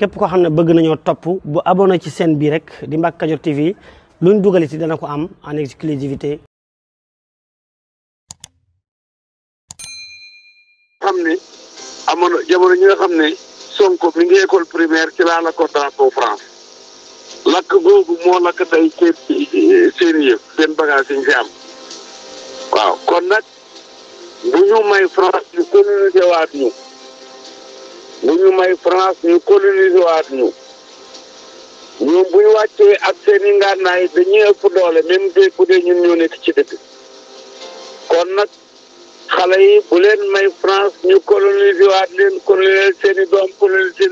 képp koo xam ne bëgg nañoo topp bu abonné ci chaîne bii rek di Mbacke Kadior TV ci dana ko am en exclusivité xam ne jamono ñi xam ne Sonko mi ngi école primaire ci laa lakkoon drapeau France lakk googu moo lakk tey seen yëf seen bagage yi ñu am waaw kon nag bu ñu may France ñu continué waat ñu ñu may France ñu coloniser waat ñu ñoom wàccee ak seen i ngànnaay dañuy ëpp doole même de bu dee ñun ñoo nekk ci dëkk kon nag xale yi bu leen may France ñu coloniser waat leen coloniser seen i doom coloniser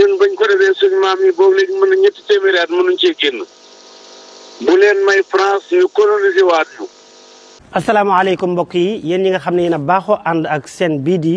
seen bañ ko defee suñu maam yi mën na ñetti téeméeri at mënuñ cee génn bu leen may France ñu coloniser waat ñu. asalaamaaleykum mbokk yi yéen ñi nga xam ne yéen a baaxoo ànd ak seen bii di.